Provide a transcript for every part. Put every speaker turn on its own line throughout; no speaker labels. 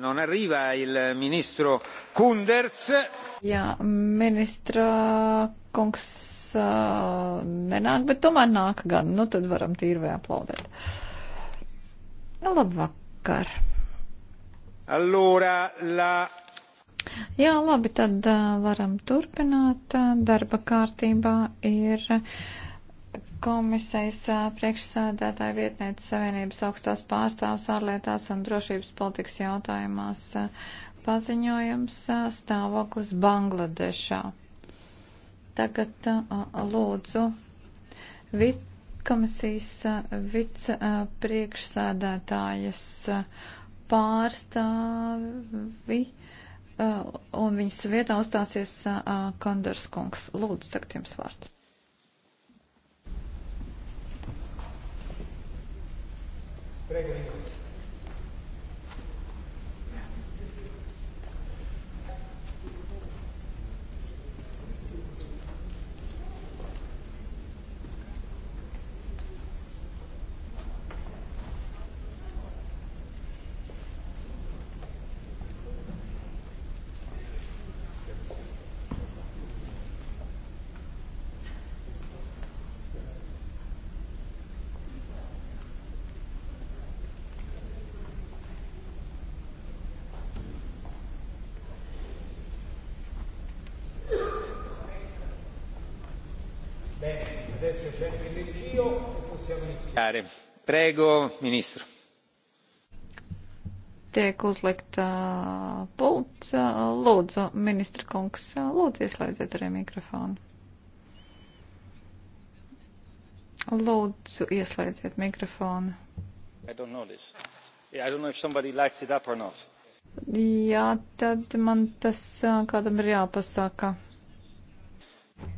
non arriva il ministro Kunders.
Jā, ministra kungs uh, nenāk, bet tomēr nāk gan. Nu, tad varam tīri vai aplaudēt. Nu, labvakar.
Allora, la...
Jā, labi, tad uh, varam turpināt. Darba kārtībā ir. Uh, komisijas priekšsēdētāja vietniece Savienības augstās pārstāvs ārlietās un drošības politikas jautājumās paziņojums stāvoklis Bangladešā. Tagad lūdzu vit, komisijas vicepriekšsēdētājas pārstāvi un viņas vietā uzstāsies Kandars Kungs. Lūdzu, tagad jums vārds. Pregrīz. Bene, adesso c'è il PLCO e possiamo iniziare.
Prego,
ministru. Tiek uzlikt uh, pults. Uh, lūdzu, ministra kungs, uh, lūdzu ieslēdziet arī mikrofonu. Lūdzu, ieslēdziet mikrofonu. Yeah, Jā, tad man tas uh, kādam ir jāpasaka.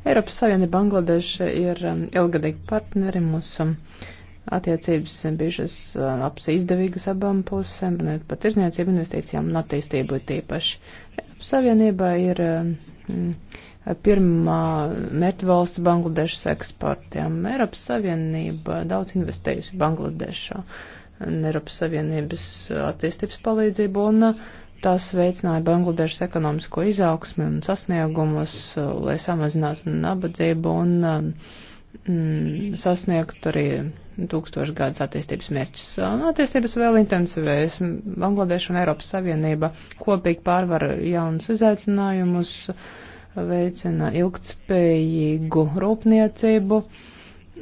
Eiropas Savienība
Bangladeša ir um, ilgadīgi partneri mūsu um, attiecības bijušas uh, labs izdevīgas abām pusēm, ne par tirzniecību, investīcijām un attīstību tīpaši. Eiropas Savienībā ir um, pirmā mērķvalsts Bangladešas eksportiem. Eiropas Savienība daudz investējusi Bangladešā. Eiropas Savienības attīstības palīdzību un uh, Tas veicināja Bangladešas ekonomisko izaugsmi un sasniegumus, uh, lai samazinātu nabadzību un uh, mm, sasniegtu arī tūkstošu gadus attīstības mērķus. Uh, attīstības vēl intensivējas. Bangladeša un Eiropas Savienība kopīgi pārvar jaunus izaicinājumus, veicina ilgtspējīgu rūpniecību. Uh,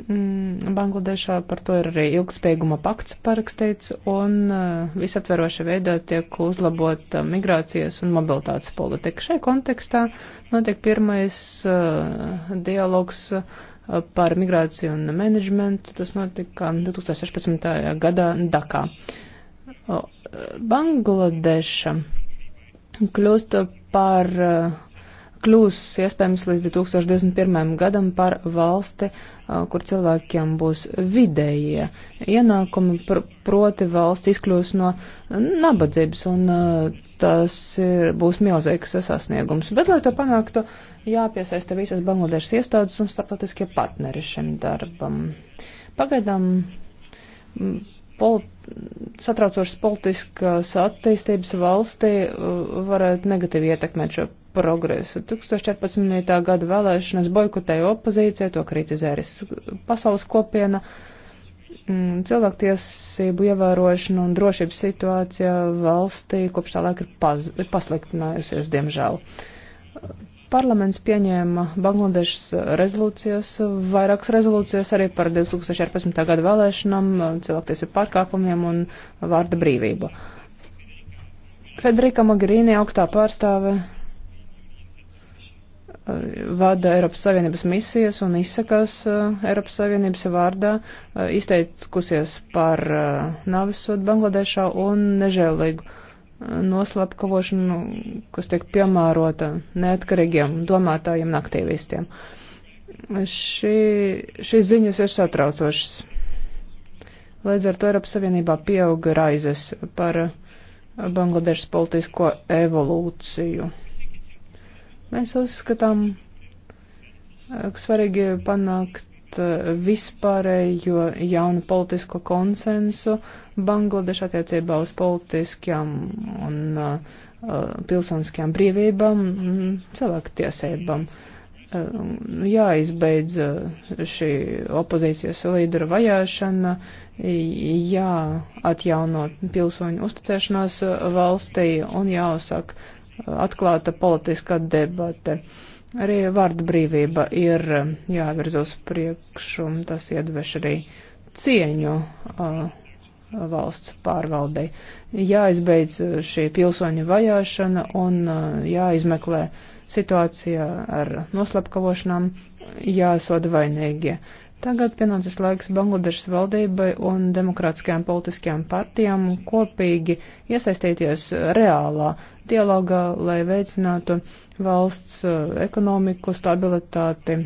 Mm, Bangladešā par to ir arī ilgspējīguma pakts parakstīts, un uh, visaptveroša veidā tiek uzlabota migrācijas un mobilitātes politika. Šai kontekstā notiek pirmais uh, dialogs uh, par migrāciju un menedžmentu. Tas notika 2016. gadā Dakā. Bangladeša kļūst par kļūs iespējams līdz 2021. gadam par valsti, kur cilvēkiem būs vidējie ienākumi, pr proti valsts izkļūs no nabadzības, un tas ir, būs milzīgs sasniegums. Bet, lai to panāktu, jāpiesaista visas Bangladešas iestādes un starptautiskie partneri šim darbam. Pagaidām pol satraucošas politiskas attīstības valstī varētu negatīvi ietekmēt šo progresu. 2014. gada vēlēšanas boikotēja opozīcija, to kritizēja arī pasaules kopiena. Mm, cilvēktiesību ievērošana un drošības situācija valstī kopš tā laika ir, paz, ir pasliktinājusies, diemžēl. Parlaments pieņēma Bangladešas rezolūcijas, vairākas rezolūcijas arī par 2014. gada vēlēšanām, cilvēktiesību pārkāpumiem un vārda brīvību. Federika Mogherini augstā pārstāve vada Eiropas Savienības misijas un izsakās Eiropas Savienības vārdā, izteikusies par navisodu Bangladešā un nežēlīgu noslapkavošanu, kas tiek piemērota neatkarīgiem domātājiem un aktīvistiem. Šī, šīs ziņas ir satraucošas. Līdz ar to Eiropas Savienībā pieauga raizes par Bangladešas politisko evolūciju. Mēs uzskatām, eh, ka svarīgi panākt eh, vispārējo jaunu politisko konsensu Bangladešā attiecībā uz politiskajām un uh, pilsoniskajām brīvībām un cilvēku tiesībām. Uh, jāizbeidz šī opozīcijas līdera vajāšana, jāatjauno pilsoņu uzticēšanās valstī un jāuzsāk atklāta politiskā debate. Arī vārda brīvība ir eh, jāvirza uz priekšu, tas iedveš arī cieņu eh, valsts pārvaldei. Jāizbeidz eh, šī pilsoņa vajāšana un jāizmeklē situācija ar noslapkavošanām, jāsoda vainīgie. Uh, Tagad pienācis laiks Bangladešas valdībai un demokrātiskajām politiskajām partijām kopīgi iesaistīties reālā dialogā, lai veicinātu valsts uh, ekonomiku, stabilitāti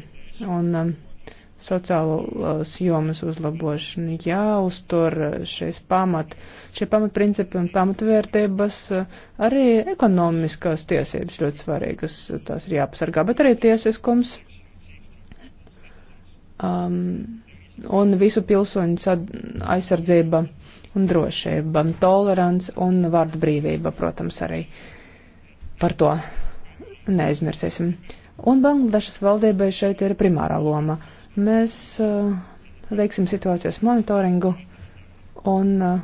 un um, sociālos jomas uzlabošanu. Jāuztur uh, šīs pamat, šie pamatprincipi un pamatvērtības, uh, arī ekonomiskās tiesības ļoti svarīgas, tās ir jāpasargā, bet arī tiesiskums um, un visu pilsoņu aizsardzība un drošība, tolerants un vārda brīvība, protams, arī par to neaizmirsīsim. Un Bangladešas valdībai šeit ir primārā loma. Mēs uh, veiksim situācijas monitoringu un uh,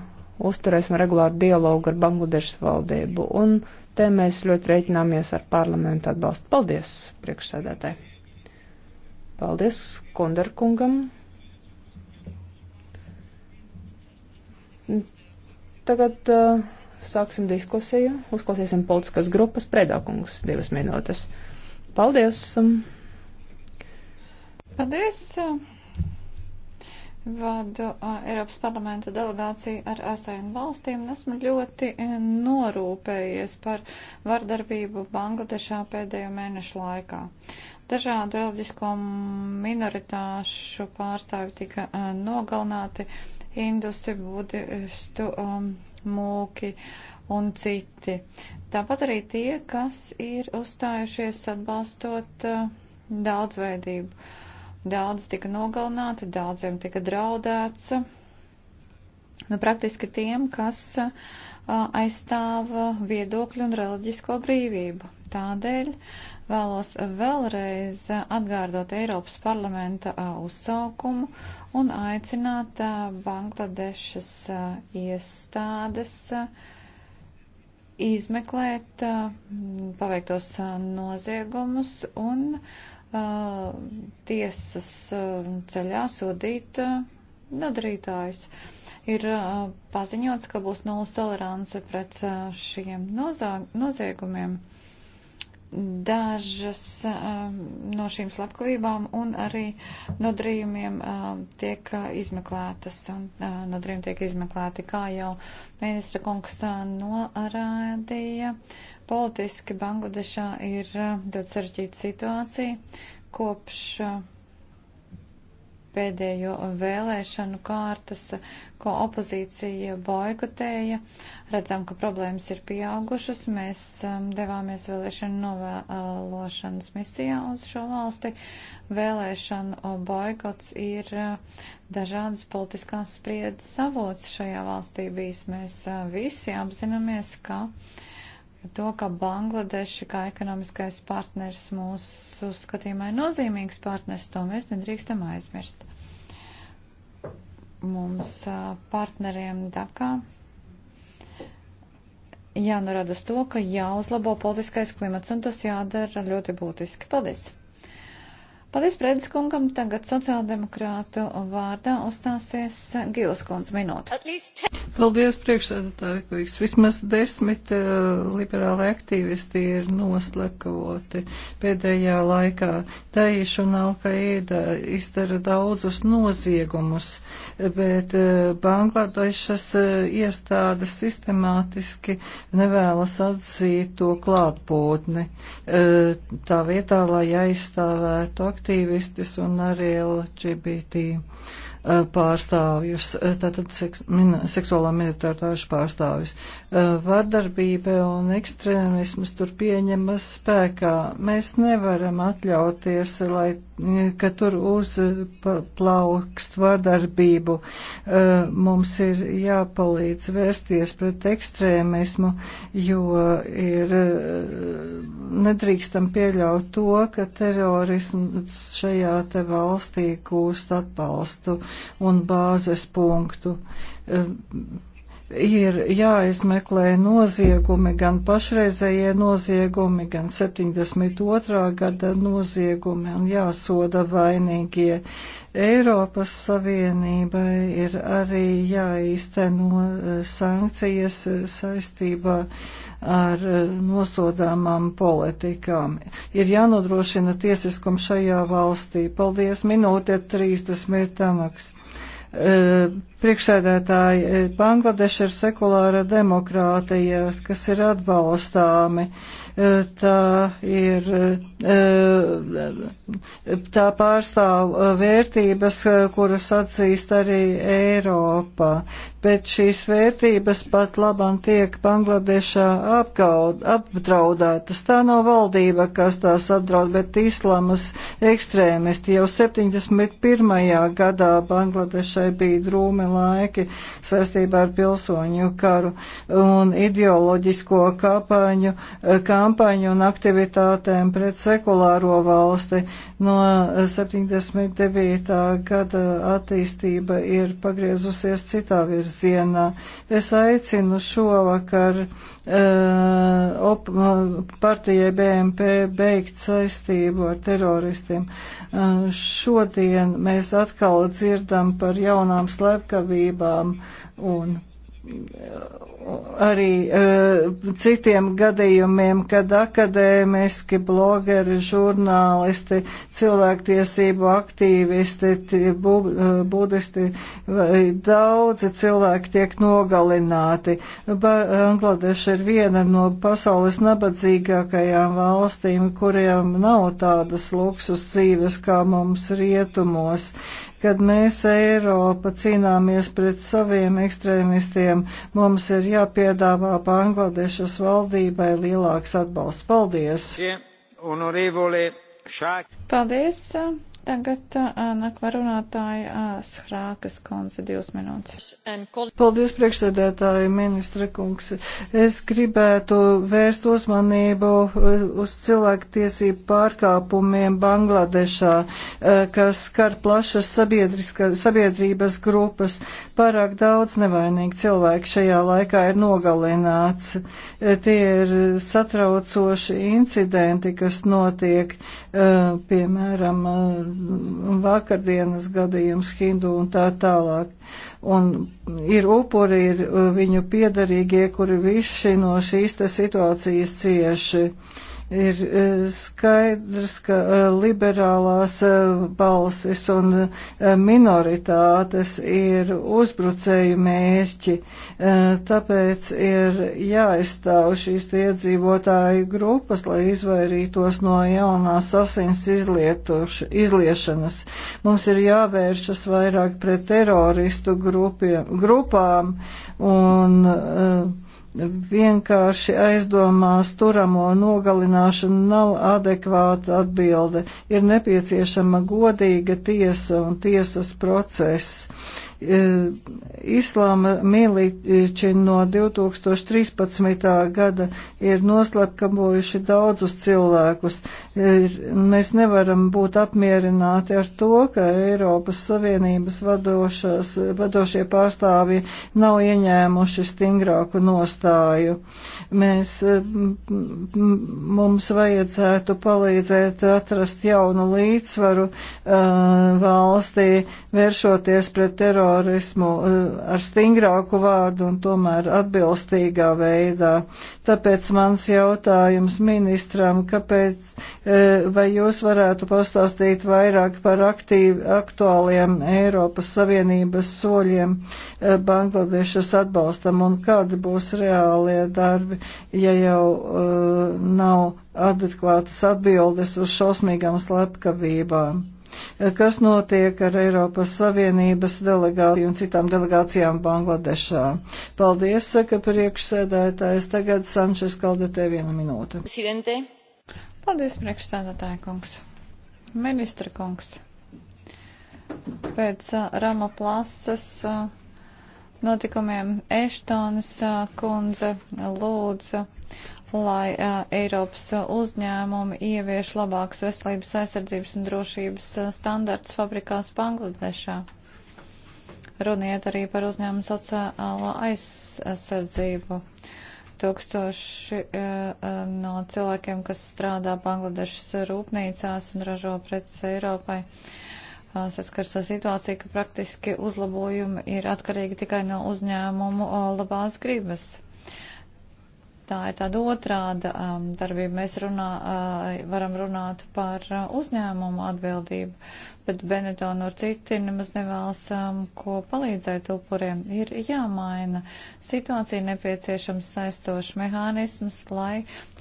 uzturēsim regulāru dialogu ar Bangladešas valdību. Un te mēs ļoti reiķināmies ar parlamentu atbalstu. Paldies, priekšsēdētāji! Paldies Kondarkungam. Tagad uh, sāksim diskusiju. Uzklausīsim politiskas grupas predākungus divas minūtes. Paldies! Um,
Paldies! Uh, Vadu uh, Eiropas parlamenta delegāciju ar ASEAN valstīm un esmu ļoti uh, norūpējies par vardarbību Bangladešā pēdējo mēnešu laikā. Uh, Dažādu reliģisko minoritāšu pārstāvi tika eh, nogalnāti, indusi, budistu, um, mūki un citi. Tāpat arī tie, kas ir uzstājušies atbalstot uh, daudzveidību. Daudz tika nogalināti, daudziem tika draudēts. Nu, praktiski tiem, kas uh, aizstāv viedokļu un reliģisko brīvību. Tādēļ vēlos vēlreiz atgārdot Eiropas parlamenta uzsaukumu un aicināt Bangladešas iestādes izmeklēt paveiktos noziegumus un tiesas ceļā sodīt nodarītājus. Ir uh, paziņots, ka būs nulles tolerance pret uh, šiem noziegumiem. Dažas um, no šīm slepkavībām un arī nodarījumiem um, tiek uh, izmeklētas un nodarījumi tiek izmeklēti, kā jau ministra kungs norādīja. Politiski Bangladešā ir ļoti sarežģīta situācija kopš pēdējo vēlēšanu kārtas, ko opozīcija boikotēja. Redzam, ka problēmas ir pieaugušas. Mēs um, devāmies vēlēšanu novēlošanas misijā uz šo valsti. Vēlēšanu uh, boikots ir uh, dažādas politiskās spriedzes avots šajā valstī bijis. Mēs uh, visi apzināmies, ka uh, to, ka Bangladeša kā ekonomiskais partners mūsu skatījumā ir nozīmīgs partners, to mēs nedrīkstam aizmirst. Mums partneriem Dakā jānorada uz to, ka jāuzlabo politiskais klimats, un tas jādara ļoti būtiski. Paldies! Paldies, Prēdis kungam, tagad sociāldemokrātu vārdā uzstāsies Gilas kundz minūte.
Paldies, priekšsēdētāji, kungs. Vismaz desmit uh, liberāli aktīvisti ir noslekavoti pēdējā laikā. Daesh un Alkaida izdara daudzus noziegumus, bet uh, Bangladešas uh, eh, iestādes sistemātiski nevēlas atzīt to klātbūtni. Uh, tā vietā, lai aizstāvētu aktīvistis un arī LGBT. Uh, Uh, pārstāvjus, uh, tātad seks, min, seksuālā minoritāšu pārstāvjus. Uh, vardarbība un ekstrēmismas tur pieņemas spēkā. Mēs nevaram atļauties, lai, ka tur uzplaukst vardarbību. Mums ir jāpalīdz vērsties pret ekstrēmismu, jo ir nedrīkstam pieļaut to, ka terorisms šajā te valstī kūst atbalstu un bāzes punktu. Ehm, ir jāizmeklē noziegumi, gan pašreizējie noziegumi, gan 72. gada noziegumi un jāsoda vainīgie. Eiropas Savienībai ir arī jāīsteno eh, sankcijas saistībā ar eh, nosodāmām politikām. Ir jānodrošina tiesiskums šajā valstī. Paldies, minūte 30 tanaks. E, priekšsēdētāji, e, Bangladeša ir sekulāra demokrātija, kas ir atbalstāmi. E, tā ir, tā pārstāv vērtības, kuras atzīst arī Eiropa, bet šīs vērtības pat labam tiek Bangladešā apgaud, apdraudētas. Tā nav valdība, kas tās apdraud, bet islamas ekstrēmisti jau 71. gadā Bangladešā Turcijai bija drūmi laiki saistībā ar pilsoņu karu un ideoloģisko kampaņu, kampaņu un aktivitātēm pret sekulāro valsti. No 79. gada attīstība ir pagriezusies citā virzienā. Es aicinu šovakar Eh, op, eh, partijai BMP beigt saistību ar teroristiem. Eh, šodien mēs atkal dzirdam par jaunām slepkavībām un arī uh, citiem gadījumiem, kad akadēmiski blogeri, žurnālisti, cilvēktiesību aktīvisti, bū, e, budisti, daudzi cilvēki tiek nogalināti. Bangladeša ir viena no pasaules nabadzīgākajām valstīm, kuriem nav tādas luksus dzīves kā mums rietumos. Kad mēs Eiropa cīnāmies pret saviem ekstrēmistiem, mums ir jāpiedāvā Bangladešas valdībai lielāks atbalsts. Paldies!
Paldies! Tagad uh, nākamā runātāja uh, Shrākas konce divas minūtes. Paldies,
priekšsēdētāji, ministra kungs. Es gribētu vērst uzmanību uh, uz cilvēku tiesību pārkāpumiem Bangladešā, kas skar plašas sabiedrības grupas. Pārāk daudz nevainīgi cilvēki šajā laikā ir nogalināts. Tie ir satraucoši incidenti, kas notiek. Eh, piemēram, eh, vakardienas gadījums Hindu un tā tālāk. Un ir upuri, ir eh, viņu piedarīgie, kuri visi no šīs te situācijas cieši. Uh, Ir e, skaidrs, ka e, liberālās e, balsis un minoritātes ir uzbrucēju mērķi, tāpēc ir jāizstāv šīs iedzīvotāju grupas, lai izvairītos no jaunās asins izliešanas. Mums ir jāvēršas vairāk pret teroristu grupiem, grupām un uh, vienkārši aizdomās turamo nogalināšana nav adekvāta atbilde. Ir nepieciešama godīga tiesa un tiesas process. Eh, islāma miliči no 2013. gada ir noslapkabojuši daudzus cilvēkus. Eh, mēs nevaram būt apmierināti ar to, ka Eiropas Savienības vadošas, vadošie pārstāvi nav ieņēmuši stingrāku nostāju. Mēs, eh, mums vajadzētu palīdzēt atrast jaunu līdzsvaru uh, valstī, vēršoties pret terorismu terorismu eh, ar stingrāku vārdu un tomēr atbilstīgā veidā. Tāpēc mans jautājums ministram, kāpēc, eh, vai jūs varētu pastāstīt vairāk par aktīvi, aktuāliem Eiropas Savienības soļiem eh, Bangladešas atbalstam un kādi būs reālie darbi, ja jau uh, nav adekvātas atbildes uz šausmīgām slepkavībām? kas notiek ar Eiropas Savienības delegāciju un citām delegācijām Bangladešā. Paldies, saka priekšsēdētājs. Tagad Sančes kaldotē viena minūte.
Presidente. Paldies, priekšsēdētāja kungs. Ministra kungs. Pēc uh, Rama plasas. Uh, notikumiem Eštonas uh, kundze lūdza, lai uh, Eiropas uzņēmumi ievieš labāks veselības aizsardzības un drošības standarts fabrikās Bangladešā. Runiet arī par uzņēmumu sociālo aizsardzību. Tūkstoši uh, no cilvēkiem, kas strādā Bangladešas rūpnīcās un ražo preces Eiropai, uh, saskars ar situāciju, ka praktiski uzlabojumi ir atkarīgi tikai no uzņēmumu labās gribas tā ir tāda otrāda um, darbība. Mēs runā, uh, varam runāt par uh, uzņēmumu atbildību, bet Benetona un citi nemaz nevēlas, um, ko palīdzēt upuriem. Ir jāmaina situācija, nepieciešams saistošs mehānisms, lai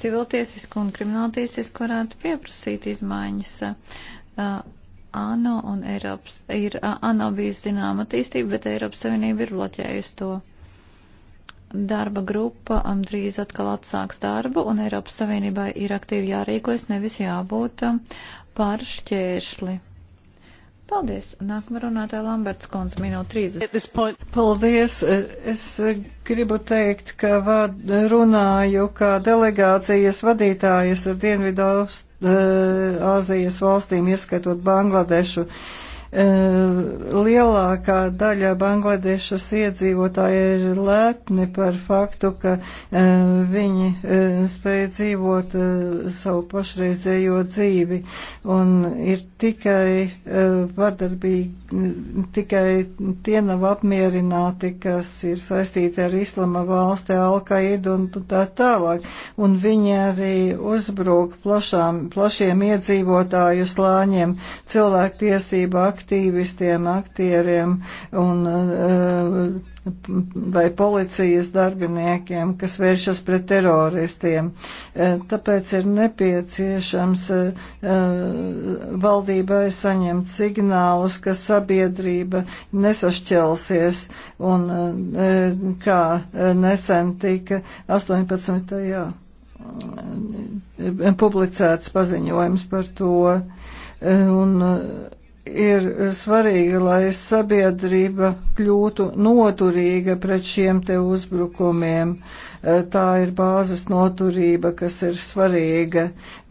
civiltiesisku un krimināltiesisku varētu pieprasīt izmaiņas. Uh, ANO un Eiropas, ir, uh, ANO bijusi zināma attīstība, bet Eiropas Savienība ir bloķējusi to darba grupa um, drīz atkal atsāks darbu, un Eiropas Savienībai ir aktīvi jārīkojas, nevis jābūt um, par šķēršli. Paldies! Nākamā runātāja Lamberts Kons, minūte 30. Paldies! Es
gribu teikt, ka vad, runāju kā delegācijas vadītājas ar Dienvidu eh, Āzijas valstīm, ieskatot Bangladešu. Uh, E, lielākā daļa Bangladešas iedzīvotāji ir lepni par faktu, ka e, viņi e, spēja dzīvot savu pašreizējo dzīvi un ir tikai vardarbīgi, tikai tie nav apmierināti, kas ir saistīti ar Islama valsti, Alkaidu un tā tālāk. Un viņi arī uzbrūk plašām, plašiem iedzīvotāju slāņiem cilvēktiesību aktīviem aktīvistiem, aktieriem un eh, vai policijas darbiniekiem, kas vēršas pret teroristiem. Eh, tāpēc ir nepieciešams eh, valdībai saņemt signālus, ka sabiedrība nesašķelsies un kā nesen tika 18. Jā, publicēts paziņojums par to. Un, ir eh, svarīgi, lai sabiedrība kļūtu noturīga pret šiem te uzbrukumiem. Eh, tā ir bāzes noturība, kas ir svarīga.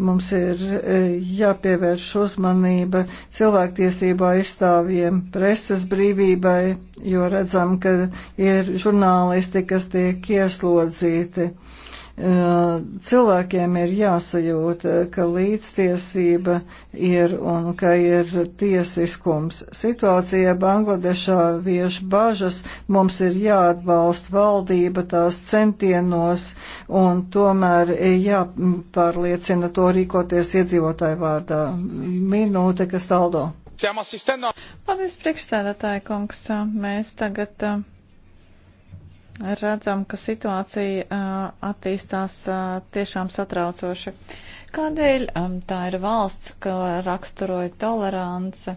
Mums ir eh, jāpievērš uzmanība cilvēktiesībā aizstāvjiem, preses brīvībai, jo redzam, ka ir žurnālisti, kas tiek ieslodzīti cilvēkiem ir jāsajūt, ka līdztiesība ir un ka ir tiesiskums. Situācija Bangladešā vieš bažas, mums ir jāatbalsta valdība tās centienos un tomēr jāpārliecina to rīkoties iedzīvotāju vārdā. Minūte, kas taldo.
Paldies, priekšstādātāja kungs. Mēs tagad. Uh redzam, ka situācija uh, attīstās uh, tiešām satraucoši. Kādēļ um, tā ir valsts, ka raksturoja tolerance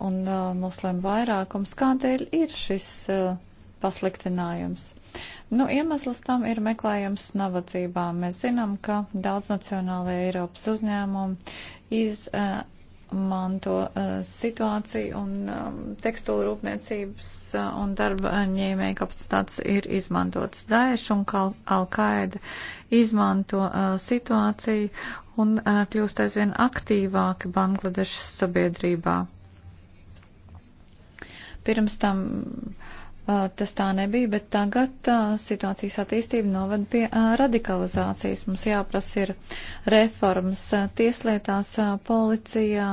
un uh, muslim vairākums? Kādēļ ir šis uh, pasliktinājums? Nu, iemesls tam ir meklējums nabadzībā. Mēs zinām, ka daudznacionālajie Eiropas uzņēmumi iz, uh, jāizmanto eh, situācija un um, tekstūra rūpniecības eh, un darba ņēmēja kapacitātes ir izmantotas. Daesh un Al-Qaeda izmanto eh, situāciju un kļūst aizvien aktīvāki Bangladešas sabiedrībā. Pirms tam uh, Uh, tas tā nebija, bet tagad uh, situācijas attīstība novada pie uh, radikalizācijas. Mums jāprasa ir reformas tieslietās, policijā,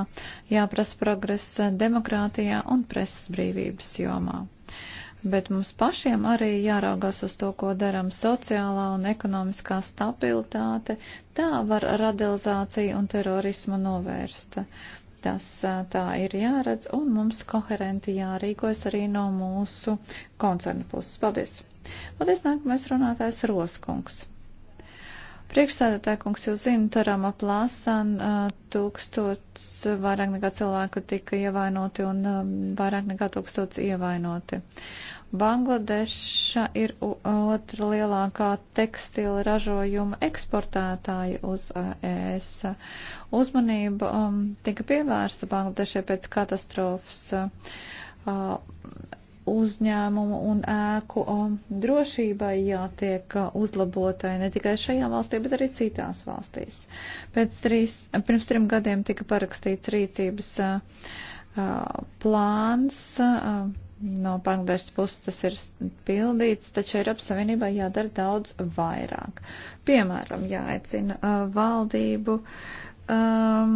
jāprasa progress demokrātijā un presas brīvības jomā. Bet mums pašiem arī jāraugās uz to, ko daram sociālā un ekonomiskā stabilitāte, tā var radikalizāciju un terorismu novērst. Uh, Tas tā ir jāredz, un mums koherenti jārīkojas arī no mūsu koncerna puses. Paldies! Paldies, nākamais runātājs Roskungs. Priekšstādātāja kungs, jūs zinat, Tarama plāsan tūkstots vairāk nekā cilvēku tika ievainoti un vairāk nekā tūkstots ievainoti. Bangladeša ir otra lielākā tekstila ražojuma eksportētāja uz ES. Uzmanība um, tika pievērsta Bangladešai pēc katastrofas. Uh, uzņēmumu un ēku um, drošībai jātiek uh, uzlabotai ne tikai šajā valstī, bet arī citās valstīs. Pēc trīs, pirms trim gadiem tika parakstīts rīcības uh, uh, plāns. No Bangladešas puses tas ir pildīts, taču Eiropas Savienībai jādara daudz vairāk. Piemēram, jāaicina valdību um,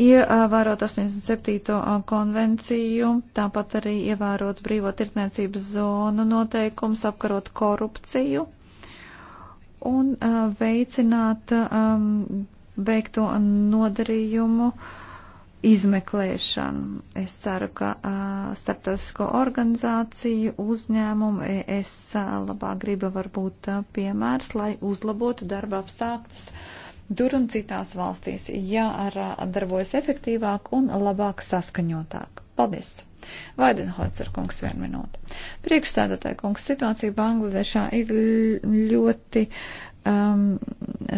ievērot 87. konvenciju, tāpat arī ievērot brīvo tirdzniecības zonu noteikums, apkarot korupciju un uh, veicināt um, veikto nodarījumu izmeklēšanu. Es ceru, ka uh, starptautisko organizāciju uzņēmumu es uh, labā griba varbūt uh, piemērs, lai uzlabotu darba apstākļus. Uh, tur un citās valstīs jādarbojas efektīvāk un labāk saskaņotāk. Paldies! Vaidenhocer kungs vienu minūti. Priekšstādātāja kungs situācija Bangladešā ir ļoti um,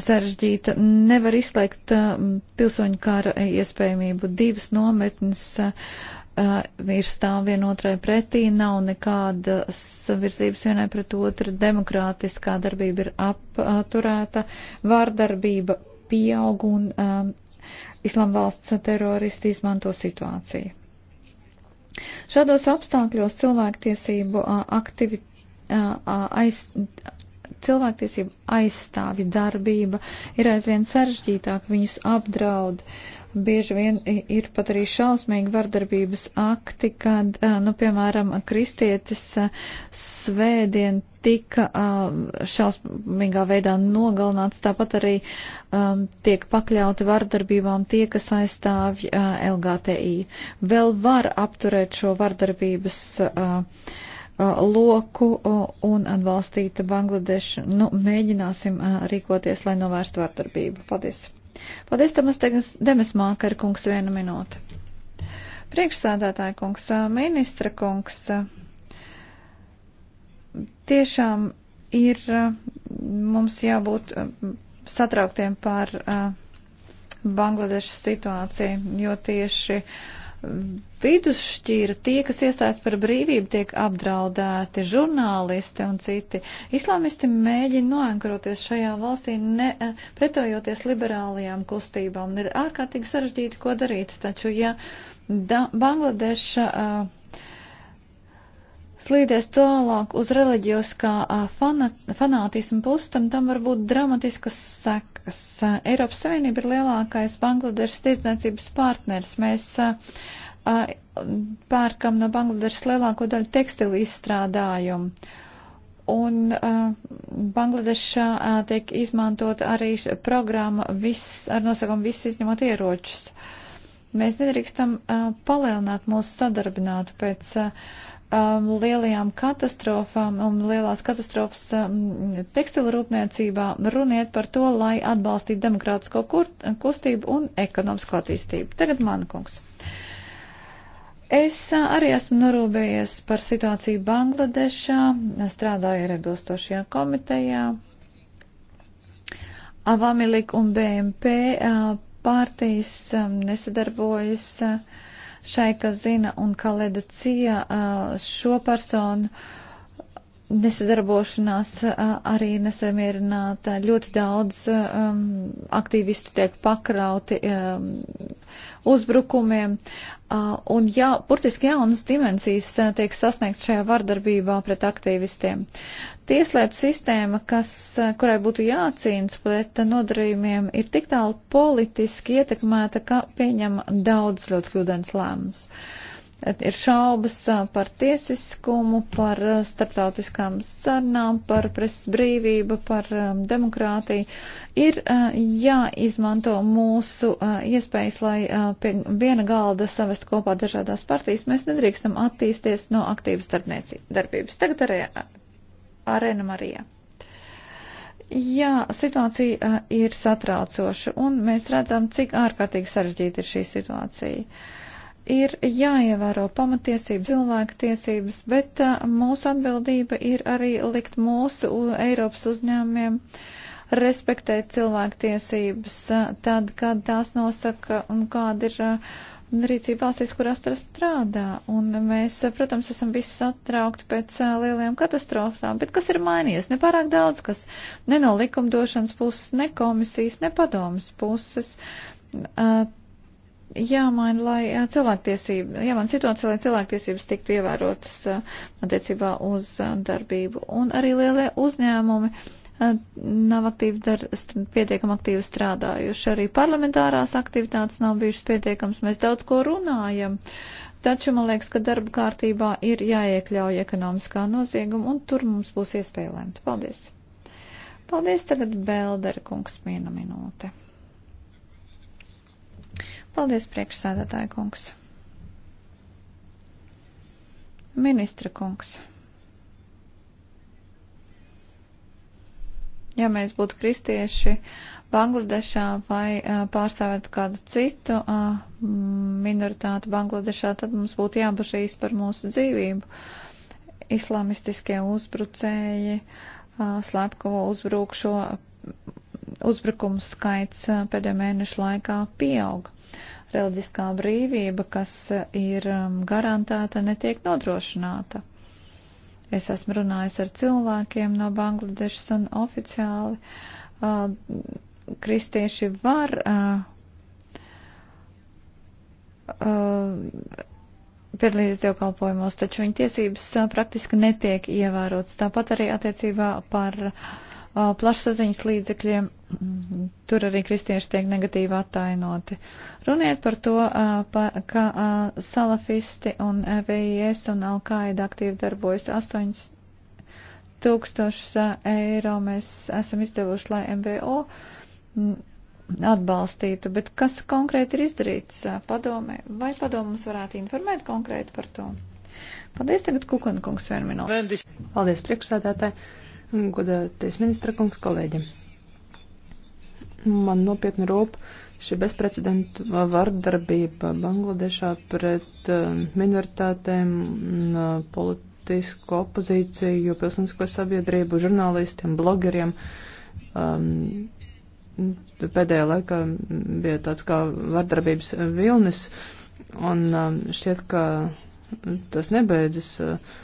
sarežģīta. Nevar izslēgt um, pilsoņu kara iespējamību divas nometnes. Uh, uh, ir stāv vienotrai pretī, nav nekādas virzības vienai pret otru, demokrātiskā darbība ir apturēta, vārdarbība pieaug un um, Islam valsts teroristi izmanto situāciju. Šādos apstākļos cilvēktiesību uh, aktivitāte uh, aiz, cilvēktiesību aizstāvju darbība ir aizvien sarežģītāka, viņus apdraud. Bieži vien ir pat arī šausmīgi vardarbības akti, kad, nu, piemēram, kristietis svētdien tika šausmīgā veidā nogalināts, tāpat arī um, tiek pakļauti vardarbībām tie, kas aizstāvj uh, LGTI. Vēl var apturēt šo vardarbības. Uh, Uh, loku uh, un atbalstīta Bangladeša. Nu, mēģināsim uh, rīkoties, lai novērstu vardarbību. Paldies! Paldies, Tamas Demes Mākara kungs, vienu minūti. Priekšsādātāja kungs, ministra kungs, tiešām ir mums jābūt satrauktiem par Bangladešas situāciju, jo tieši uh, vidusšķīra, tie, kas iestājas par brīvību, tiek apdraudēti, žurnālisti un citi. Islamisti mēģina noankaroties šajā valstī, ne, eh, pretojoties liberālajām kustībām. Ir ārkārtīgi sarežģīti, ko darīt, taču ja da, Bangladeša. Uh, slīdies tālāk uz reliģijos kā eh, fanātismu pustam, tam var būt dramatiskas sekas vairākas. Eiropas Savienība ir lielākais Bangladešas tirdzniecības partners. Mēs pērkam no Bangladešas lielāko daļu tekstilu izstrādājumu. Un Bangladešā tiek izmantot arī programma viss, ar nosaukumu viss izņemot ieročus. Mēs nedrīkstam palielināt mūsu sadarbinātu pēc. Uh, um, lielajām katastrofām un lielās katastrofas um, tekstilu rūpniecībā, runiet par to, lai atbalstītu demokrātisko kurt, kustību un ekonomisko attīstību. Tagad man kungs. Es uh, arī esmu norūpējies par situāciju Bangladešā, strādāju arī atbilstošajā komitejā. Avamilik un BMP uh, partijas um, nesadarbojas. Uh, Šaika Zina un Kaleda Cija šo personu nesadarbošanās arī nesamierināta. Ļoti daudz um, aktīvistu tiek pakrauti um, uzbrukumiem. Uh, un jā, burtiski jaunas dimensijas uh, tiek sasniegt šajā vardarbībā pret aktīvistiem. Tieslietu sistēma, kas, uh, kurai būtu jācīnas pret nodarījumiem, ir tik tālu politiski ietekmēta, ka pieņem daudz ļoti kļūdens lēmums. Uh, ir šaubas par tiesiskumu, par starptautiskām sarunām, par presas brīvību, par demokrātiju. Ir jāizmanto mūsu iespējas, lai pie viena galda savest kopā dažādās partijas. Mēs nedrīkstam attīsties no aktīvas darbības. Tagad arī Arēna Marija. Jā, situācija ir satraucoša, un mēs redzam, cik ārkārtīgi sarežģīta ir šī situācija. Uh, ir jāievēro pamatiesības, cilvēka tiesības, bet uh, mūsu atbildība ir arī likt mūsu Eiropas uzņēmumiem respektēt cilvēku tiesības uh, tad, kad tās nosaka un kāda ir uh, rīcība valstīs, kurās tas strādā. Un mēs, protams, esam visi satraukti pēc lielajām katastrofām, bet kas ir mainījies? Nepārāk daudz, kas ne no likumdošanas puses, ne komisijas, ne padomas puses. Uh, jāmaina, lai eh, cilvēktiesība, jāmaina situācija, lai cilvēktiesības tiktu ievērotas eh, attiecībā uz eh, darbību. Un arī lielie uzņēmumi nav aktīvi dar, pietiekam aktīvi strādājuši. Arī parlamentārās aktivitātes nav bijušas pietiekams. Mēs daudz ko runājam. Taču man liekas, ka darba kārtībā ir jāiekļauj ekonomiskā nozieguma, un tur mums būs iespēja lemt. Paldies! Paldies tagad Belderkungs viena minūte. Paldies, priekšsēdētāja kungs. Ministra kungs. Ja mēs būtu kristieši Bangladešā vai pārstāvētu kādu citu minoritāti Bangladešā, tad mums būtu jābažīs par mūsu dzīvību. Islamistiskie uzbrucēji slepkavo uzbrukšo uzbrukumu skaits eh, pēdējo mēnešu laikā pieaug. Reliģiskā brīvība, kas eh, ir um, garantēta, netiek nodrošināta. Es esmu runājis ar cilvēkiem no Bangladešas un oficiāli uh, kristieši var uh, uh, piedalīties dievkalpojumos, taču viņa tiesības praktiski netiek ievērotas. Tāpat arī attiecībā par Uh, plašsaziņas līdzekļiem. Tur arī kristieši tiek negatīvi attainoti. Runiet par to, uh, pa, ka uh, salafisti un VIS un Al-Qaida aktīvi darbojas 8 tūkstošus eiro. Mēs esam izdevuši, lai MVO mm, atbalstītu, bet kas konkrēti ir izdarīts padomē? Vai padomu mums varētu informēt konkrēti par to? Paldies tagad Kukankungs vienu
minūti.
Paldies priekšsēdētāji godāties ministra kungs, kolēģi. Man nopietni rūp šī bezprecedenta vardarbība Bangladešā pret uh, minoritātēm, uh, politisko opozīciju, pilsonisko sabiedrību, žurnālistiem, blogeriem. Um, pēdējā laikā bija tāds kā vardarbības vilnis, un um, šķiet, ka tas nebeidzas. Uh,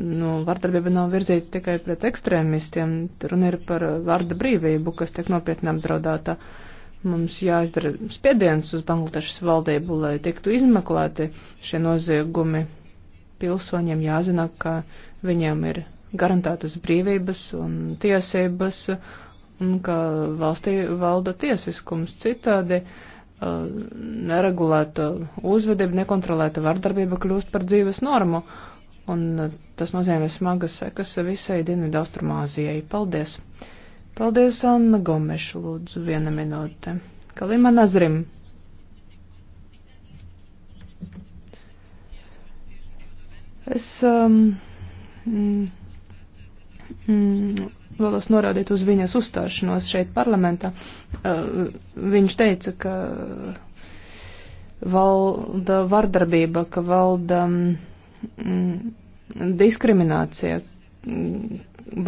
nu, vardarbība nav virzīta tikai pret ekstrēmistiem, runa ir par vārda brīvību, kas tiek nopietni apdraudēta. Mums jāizdara spiediens uz Bangladešas valdību, lai tiktu izmeklēti šie noziegumi. Pilsoņiem jāzina, ka viņiem ir garantētas brīvības un tiesības, un ka valstī valda tiesiskums citādi. Uh, neregulēta uzvedība, nekontrolēta vardarbība kļūst par dzīves normu. Uh, un uh, tas nozīmē smagas sekas visai Dienvidaustrumāzijai. Paldies! Paldies, Anna Gomeša, lūdzu, viena minūte. Kalima Nazrim. Es um, mm, mm vēlos norādīt uz viņas uzstāšanos šeit parlamentā. Uh, viņš teica, ka valda vardarbība, ka valda. Um, diskriminācija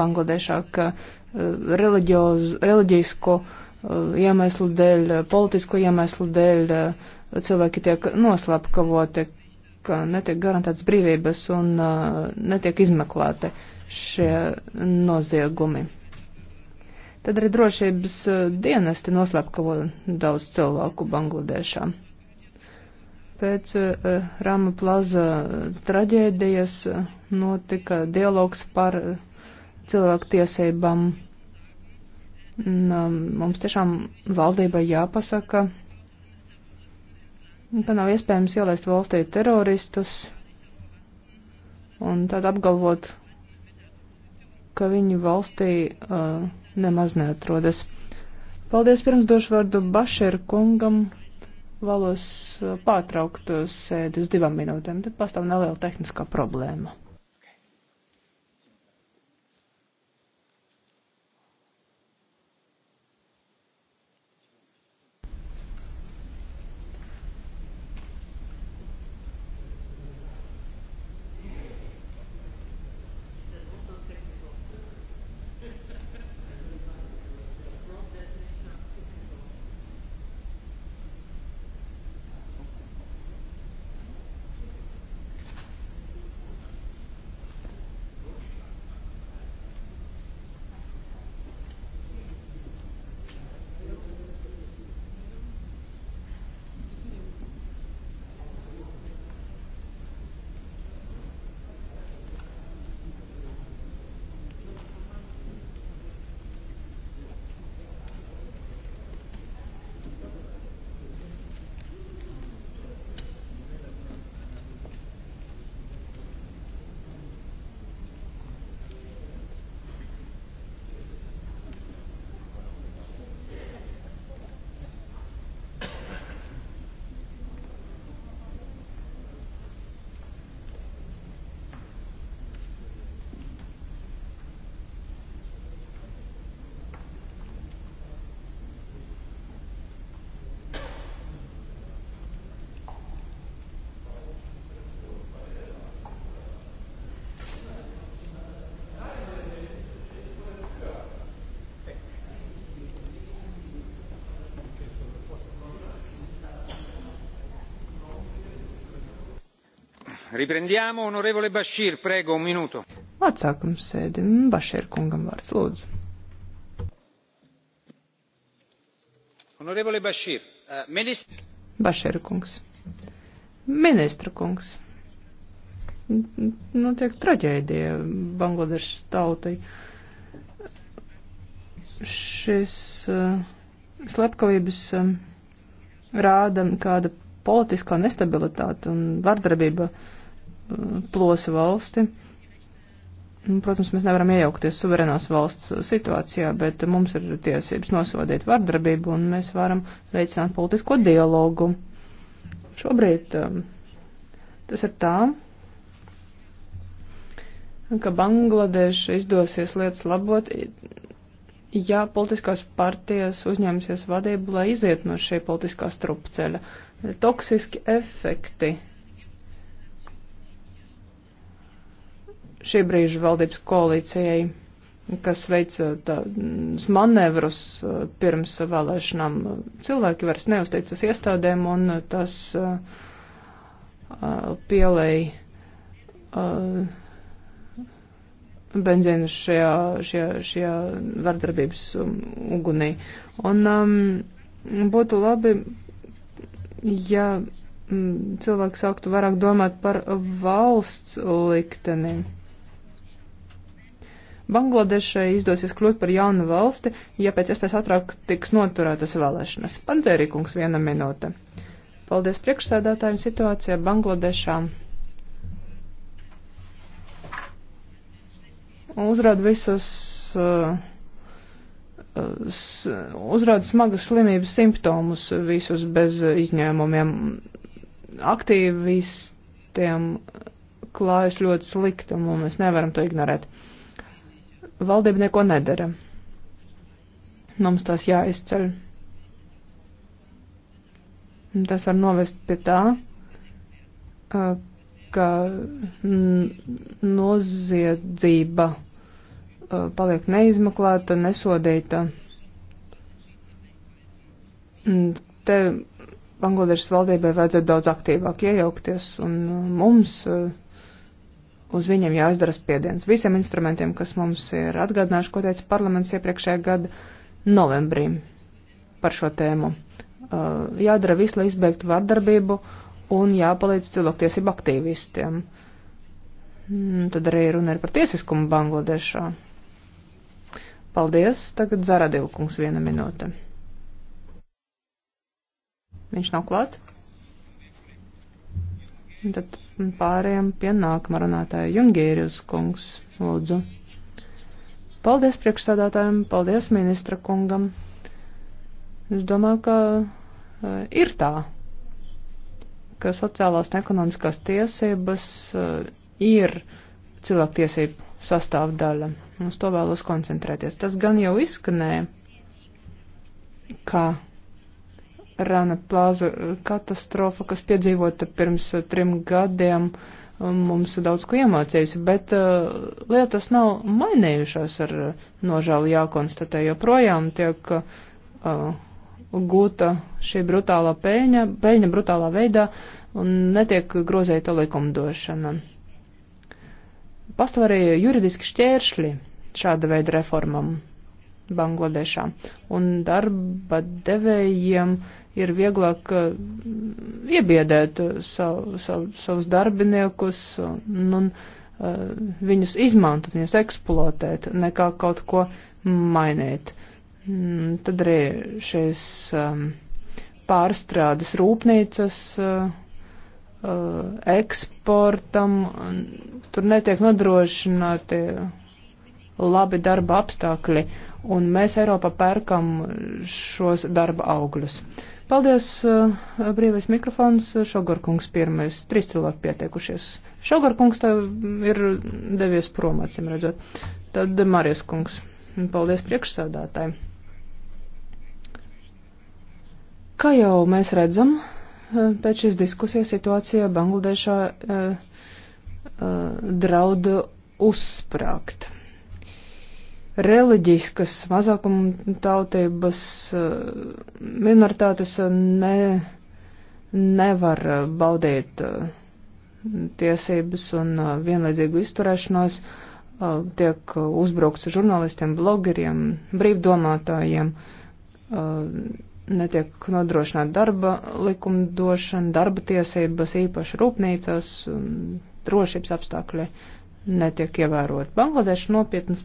Bangladešā, ka eh, reliģisko eh, iemeslu dēļ, politisko iemeslu dēļ eh, cilvēki tiek noslapkavoti, ka netiek garantētas brīvības un netiek izmeklēti šie noziegumi. Tad arī drošības dienesti noslapkavo daudz cilvēku Bangladešā. Pēc eh, Rama plaza traģēdijas eh, notika dialogs par eh, cilvēku tiesībām. Mums tiešām valdībai jāpasaka, ka nav iespējams ielaist valstī teroristus un tad apgalvot, ka viņi valstī uh, nemaz neatrodas. Paldies pirms došu vārdu Bašer kungam vēlos uh, pārtraukt uh, sēdi uz divām minūtēm. Te pastāv neliela tehniskā problēma.
Riprendiamo, onorevole Bashir, prego, un minūtu.
Atsākam sēdi. Bashir kungam vārds, lūdzu. Onorevole Bashir, uh, eh, ministrs. Bashir kungs. Ministra kungs. Notiek traģēdija Bangladešas tautai. Šis uh, slepkavības uh, rāda kāda politiskā nestabilitāte un vardarbība plosa valsti. Protams, mēs nevaram iejaukties suverenās valsts situācijā, bet mums ir tiesības nosodīt vardarbību un mēs varam veicināt politisko dialogu. Šobrīd um, tas ir tā, ka Bangladeša izdosies lietas labot, ja politiskās partijas uzņemsies vadību, lai iziet no šī politiskā strupceļa. Toksiski efekti šī brīža valdības koalīcijai, kas veica uh, tādus mm, manevrus uh, pirms vēlēšanām. Uh, cilvēki vairs neuzticas iestādēm un tas uh, pielēja uh, benzīnu šajā, šajā, šajā vardarbības um, ugunī. Un um, būtu labi, ja mm, cilvēki sāktu vairāk domāt par valsts likteni. Bangladešai izdosies kļūt par jaunu valsti, ja pēc iespējas ātrāk tiks noturētas vēlēšanas. Pandzērīkungs viena minūte. Paldies priekšsēdētājiem situācijā Bangladešā. Uzrāda visas, uh, uh uzrāda smagas slimības simptomus visus bez izņēmumiem. Aktīvistiem klājas ļoti slikti un mēs nevaram to ignorēt. Uh, Valdība neko nedara. Mums tas jāizceļ. Tas var novest pie tā, ka noziedzība paliek neizmeklēta, nesodīta. Te Bangladešas valdībai vajadzētu daudz aktīvāk iejaukties, un mums uh, uz viņiem jāizdara spiediens. Visiem instrumentiem, kas mums ir atgādinājuši, ko teica parlaments iepriekšējā gada novembrī par šo tēmu. Uh, jādara viss, lai izbeigtu vardarbību un jāpalīdz cilvēktiesību aktīvistiem. Mm, tad arī runa ir par tiesiskumu Bangladešā. Paldies, tagad Zaradilkungs viena minūte. Viņš nav klāt? Tad pāriem pie nākamā runātāja Jungīrijas kungs, lūdzu. Paldies priekšstādātājiem, paldies ministra kungam. Es domāju, ka uh, ir tā, ka sociālās un ekonomiskās tiesības uh, ir cilvēktiesību sastāvdaļa. Uz to vēlos koncentrēties. Tas gan jau izskanēja, ka Rana plāza eh, katastrofa, kas piedzīvota pirms eh, trim gadiem, um, mums daudz ko iemācījusi, bet uh, lietas nav mainījušās ar nožēlu jākonstatē, jo projām tiek uh, gūta šī brutālā peļņa, peļņa brutālā veidā un netiek grozēta likumdošana. Pastāv arī juridiski šķēršļi šāda veida reformam Bangladešā, un darba devējiem uh, ir vieglāk uh, iebiedēt uh, sav, sav, savus darbiniekus un, un uh, viņus izmantot, viņus eksploatēt, nekā kaut ko mainīt. Mm, tad arī šīs um, pārstrādes rūpnīcas eksportam, tur netiek nodrošināti labi darba apstākļi, un mēs Eiropā pērkam šos darba augļus. Uh, Paldies, uh, brīvais mikrofons, Šogarkungs pirmais, trīs cilvēki pieteikušies. Šogarkungs tev ir devies prom, acīm redzot. Tad Marijas kungs, paldies priekšsēdātāji. Kā jau mēs redzam, uh, pēc šīs diskusijas situācija Bangladešā eh, eh, draud uzsprākt reliģiskas mazākuma tautības eh, minoritātes eh, ne, nevar eh, baudīt tiesības un vienlīdzīgu izturēšanos, tiek uzbrukts žurnālistiem, blogeriem, brīvdomātājiem, netiek nodrošināta darba likumdošana, darba tiesības, īpaši rūpnīcās, drošības apstākļi netiek ievērot. Bangladeša nopietnas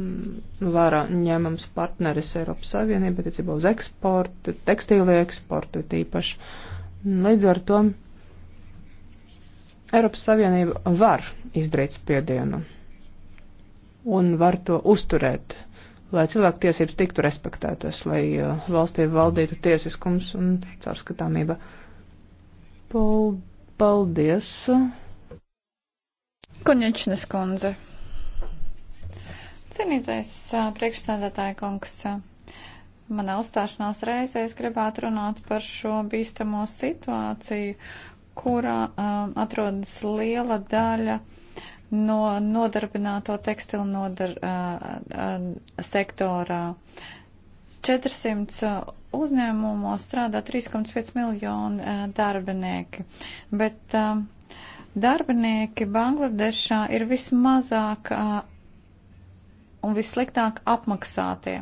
Mm, vērā ņemams partneris Eiropas Savienība attiecībā uz eksportu, tekstīlu eksportu tīpaši. Līdz ar to Eiropas Savienība var izdarīt spiedienu un var to uzturēt, lai cilvēku tiesības tiktu respektētas, lai uh, valstī valdītu tiesiskums un caurskatāmība.
Paldies! Konečnes kundze. Cienītais priekšstādātāja kungs, manā uzstāšanās reizē es gribētu runāt par šo bīstamo situāciju, kurā um, atrodas liela daļa no nodarbināto tekstilu nodar, uh, uh, sektorā. 400 uzņēmumos strādā 3,5 miljoni uh, darbinieki, bet uh, darbinieki Bangladešā ir vismazāk uh, un vissliktāk apmaksātie.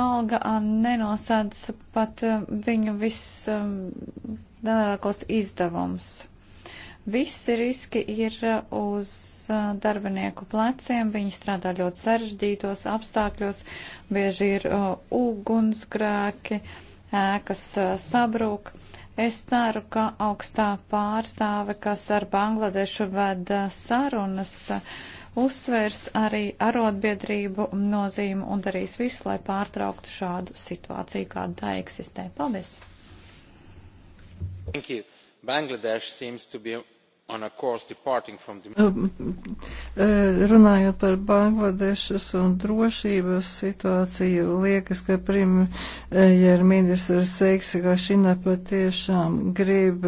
Alga nenosedz pat viņu visnelielākos izdevumus. Visi riski ir uz darbinieku pleciem, viņi strādā ļoti sarežģītos apstākļos, bieži ir uh, ugunsgrēki, ēkas uh, sabrūk. Es ceru, ka augstā pārstāve, kas ar Bangladešu veda sarunas, uh, uzsvērs arī arotbiedrību nozīmu un darīs visu, lai pārtrauktu šādu situāciju, kāda tā eksistē. Paldies! Bangladesh seems to be Runājot par
Bangladešas un drošības situāciju, liekas, ka premjerministrs Seiks Gašina patiešām grib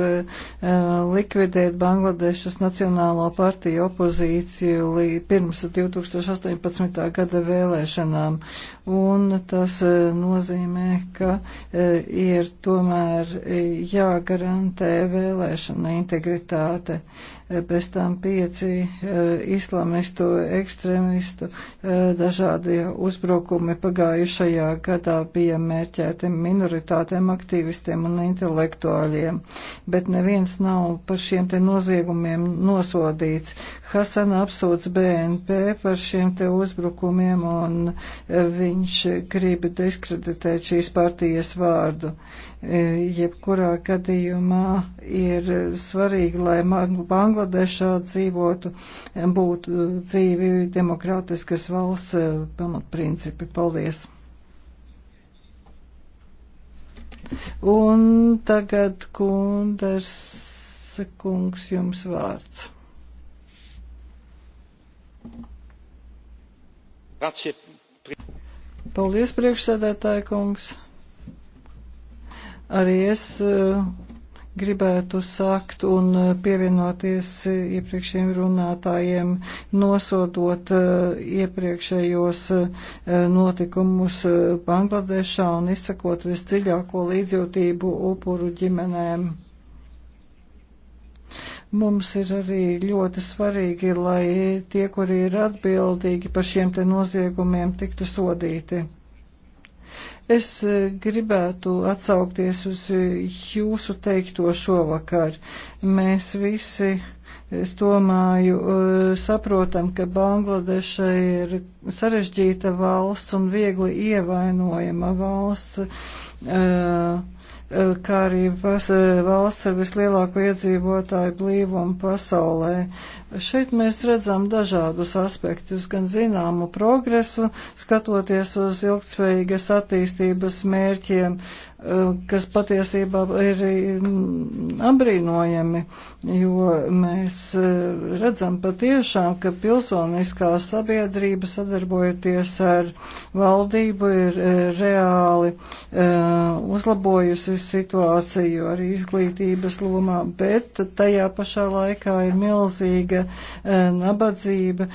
likvidēt Bangladešas Nacionālo partiju opozīciju pirms 2018. gada vēlēšanām. Un tas nozīmē, ka ir tomēr jāgarantē vēlēšana integritāte pēc eh, tam pieci eh, islamistu, ekstremistu eh, dažādie uzbrukumi pagājušajā gadā bija mērķēti minoritātēm, aktīvistiem un intelektuāļiem, bet neviens nav par šiem te noziegumiem nosodīts. Hasan apsūdz BNP par šiem te uzbrukumiem un viņš grib diskreditēt šīs partijas vārdu. E, jebkurā gadījumā ir svarīgi, lai Bangladešā dzīvotu, e, būtu dzīvi demokrātiskas valsts e, pamatprincipi. Paldies! Un tagad kunders kungs jums vārds. Paldies, priekšsēdētāja kungs! Arī es eh, gribētu sākt un eh, pievienoties iepriekšējiem runātājiem, nosodot eh, iepriekšējos notikumus Bangladešā un izsakot visdziļāko līdzjūtību upuru ģimenēm. Mums ir arī ļoti svarīgi, lai tie, kuri ir atbildīgi par šiem te noziegumiem, tiktu sodīti. Es eh, gribētu atsaukties uz eh, jūsu teikto šovakar. Mēs visi, es domāju, eh, saprotam, ka Bangladeša ir sarežģīta valsts un viegli ievainojama valsts. Uh, Eh, kā arī pas, eh, valsts ar vislielāko iedzīvotāju blīvumu pasaulē. Šeit mēs redzam dažādus aspektus, gan zināmu progresu, skatoties uz ilgtspējīgas attīstības mērķiem, kas patiesībā ir mm, apbrīnojami, jo mēs eh, redzam patiešām, ka pilsoniskā sabiedrība sadarbojoties ar valdību ir eh, reāli eh, uzlabojusi situāciju arī izglītības lomā, bet tajā pašā laikā ir milzīga nabadzība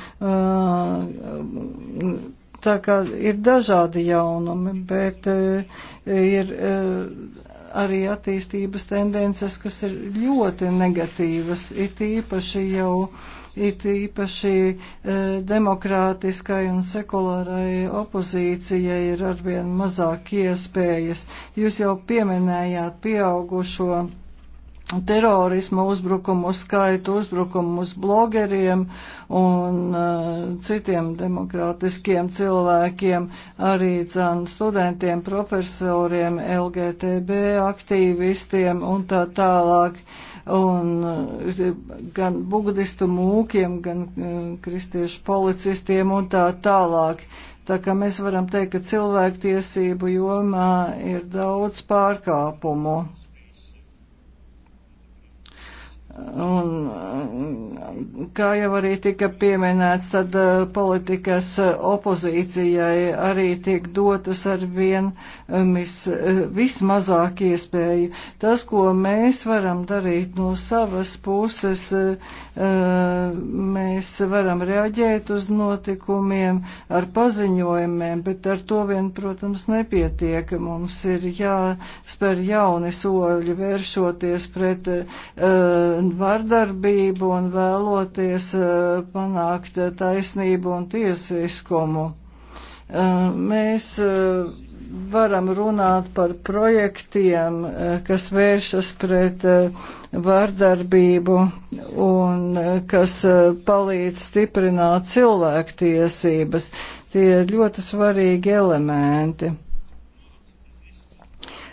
tā kā ir dažādi jaunumi, bet eh, ir eh, arī attīstības tendences, kas ir ļoti negatīvas, it īpaši jau it īpaši e, demokrātiskai un sekulārai opozīcijai ir arvien mazāk iespējas. Jūs jau pieminējāt pieaugušo terorisma uzbrukumu skaitu, uzbrukumu uz blogeriem un uh, citiem demokrātiskiem cilvēkiem, arī dzan studentiem, profesoriem, LGTB aktīvistiem un tā tālāk, un uh, gan budistu mūkiem, gan uh, kristiešu policistiem un tā tālāk. Tā kā mēs varam teikt, ka cilvēktiesību jomā ir daudz pārkāpumu. Un, kā jau arī tika pieminēts, tad uh, politikas uh, opozīcijai arī tiek dotas ar vien vis, uh, vismazāk iespēju. Tas, ko mēs varam darīt no savas puses, mēs varam reaģēt uz notikumiem ar paziņojumiem, bet ar to vien, protams, nepietiek. Mums ir jāspēr jauni soļi vēršoties pret uh, vardarbību un vēloties eh, panākt eh, taisnību un tiesiskumu. Eh, mēs varam runāt par projektiem, kas vēršas pret vārdarbību un kas palīdz stiprināt cilvēktiesības. Tie ir ļoti svarīgi elementi.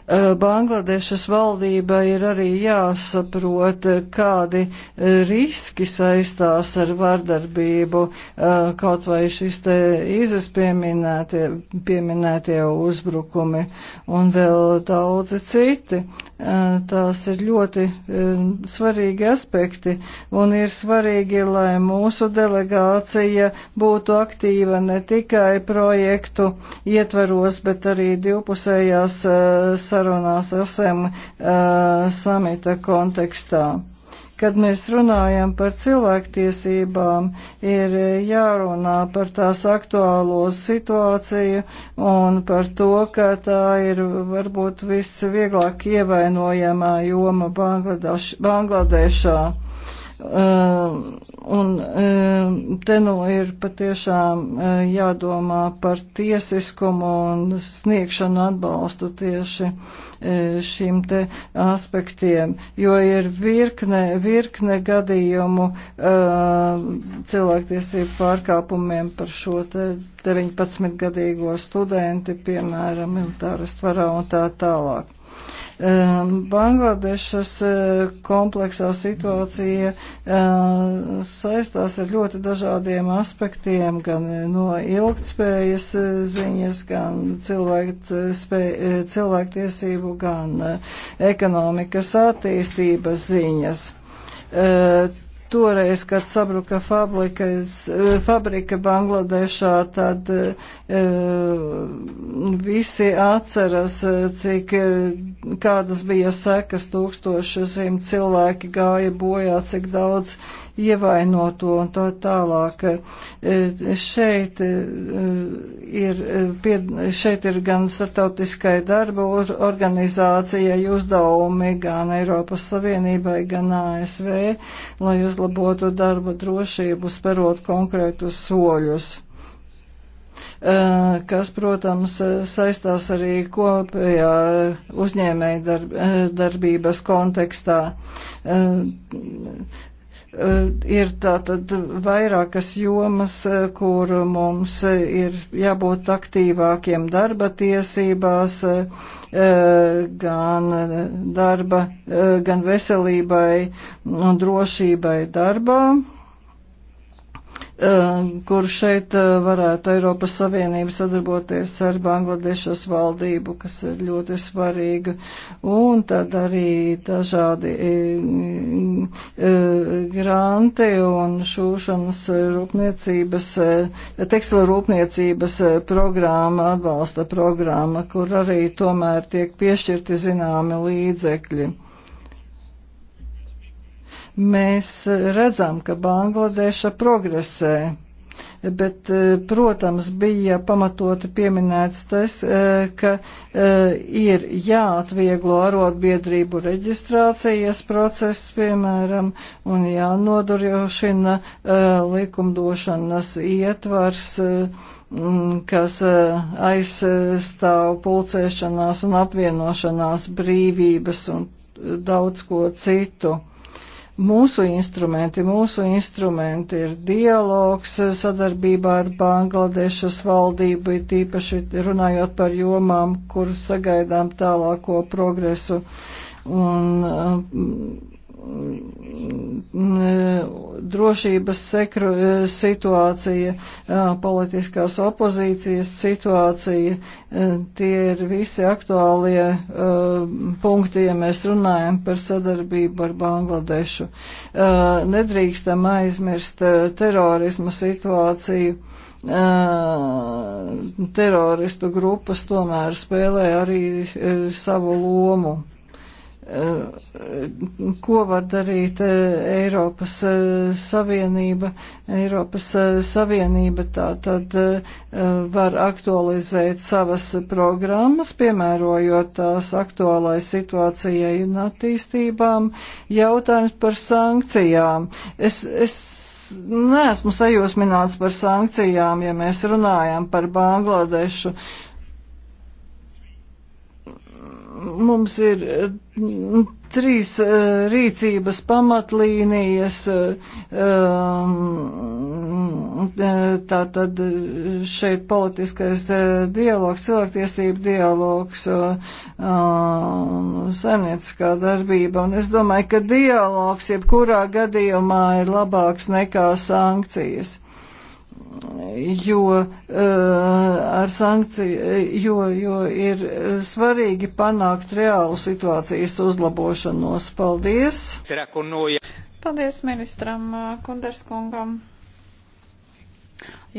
Eh, Bangladešas valdība ir arī jāsaprot, kādi eh, riski saistās ar vardarbību, eh, kaut vai šis te izes pieminētie, pieminētie uzbrukumi un vēl daudzi citi. Tās ir ļoti svarīgi aspekti un ir svarīgi, lai mūsu delegācija būtu aktīva ne tikai projektu ietvaros, bet arī divpusējās saistības sarunās esam uh, samita kontekstā kad mēs runājam par cilvēktiesībām, ir jārunā par tās aktuālo situāciju un par to, ka tā ir varbūt visvieglāk ievainojamā joma Bangladeš Bangladešā. Um, Un te nu ir patiešām jādomā par tiesiskumu un sniegšanu atbalstu tieši e, šim te aspektiem, jo ir virkne, virkne gadījumu cilvēktiesību pārkāpumiem par šo te 19-gadīgo studenti, piemēram, militāras varā un tā tālāk. Um, Bangladešas uh, kompleksā situācija uh, saistās ar ļoti dažādiem aspektiem, gan uh, no ilgtspējas ziņas, gan cilvēktiesību, gan ekonomikas attīstības ziņas toreiz, kad sabruka fabrikas, eh, fabrika Bangladešā, tad eh, visi atceras, eh, cik kādas bija sekas tūkstošiem cilvēki gāja bojā, cik daudz ievainoto un tā tālāk. E, šeit e, ir, e, šeit ir gan startautiskai darba organizācijai uzdevumi, gan Eiropas Savienībai, gan ASV, lai uzlabotu darba drošību, sperot konkrētus soļus kas, protams, saistās arī kopējā uzņēmēja darbības kontekstā. Eh, ir tātad vairākas jomas, eh, kur mums eh, ir jābūt aktīvākiem darba tiesībās, gan darba, gan veselībai un drošībai darbā. Uh, kur šeit uh, varētu Eiropas Savienība sadarboties ar Bangladešas valdību, kas ir ļoti svarīga, un tad arī dažādi granti un šūšanas rūpniecības, e, tekstila rūpniecības e, programma, atbalsta programma, kur arī tomēr tiek piešķirti zināmi līdzekļi. Mēs redzam, ka Bangladeša progresē bet, e, protams, bija pamatoti pieminēts tas, e, ka e, ir jāatvieglo arotbiedrību reģistrācijas process, piemēram, un jānodrošina likumdošanas ietvars kas aizstāv pulcēšanās un apvienošanās brīvības un daudz ko citu mūsu instrumenti. Mūsu instrumenti ir dialogs eh, sadarbībā ar Bangladešas valdību, it īpaši runājot par jomām, kur sagaidām tālāko progresu. Un, eh, drošības sekru, situācija, politiskās opozīcijas situācija, tie ir visi aktuālie punkti, ja mēs runājam par sadarbību ar Bangladešu. Nedrīkstam aizmirst terorismu situāciju teroristu grupas tomēr spēlē arī savu lomu. Eh, ko var darīt eh, Eiropas eh, Savienība. Eiropas Savienība tā tad var aktualizēt savas programmas, piemērojot tās aktuālai situācijai un attīstībām. Jautājums par sankcijām. Es, es neesmu sajūsmināts par sankcijām, ja mēs runājam par Bangladešu. Uh, mums ir mm, trīs eh, rīcības pamatlīnijas, eh, mm, eh, tā tad šeit politiskais dialogs, cilvēktiesība dialogs, saimnieciskā darbība, un es domāju, ka dialogs jebkurā gadījumā ir labāks nekā sankcijas jo, eh, ar sankciju, eh, jo, jo ir eh, svarīgi panākt reālu situācijas uzlabošanos. Paldies!
Paldies ministram Kunderskungam!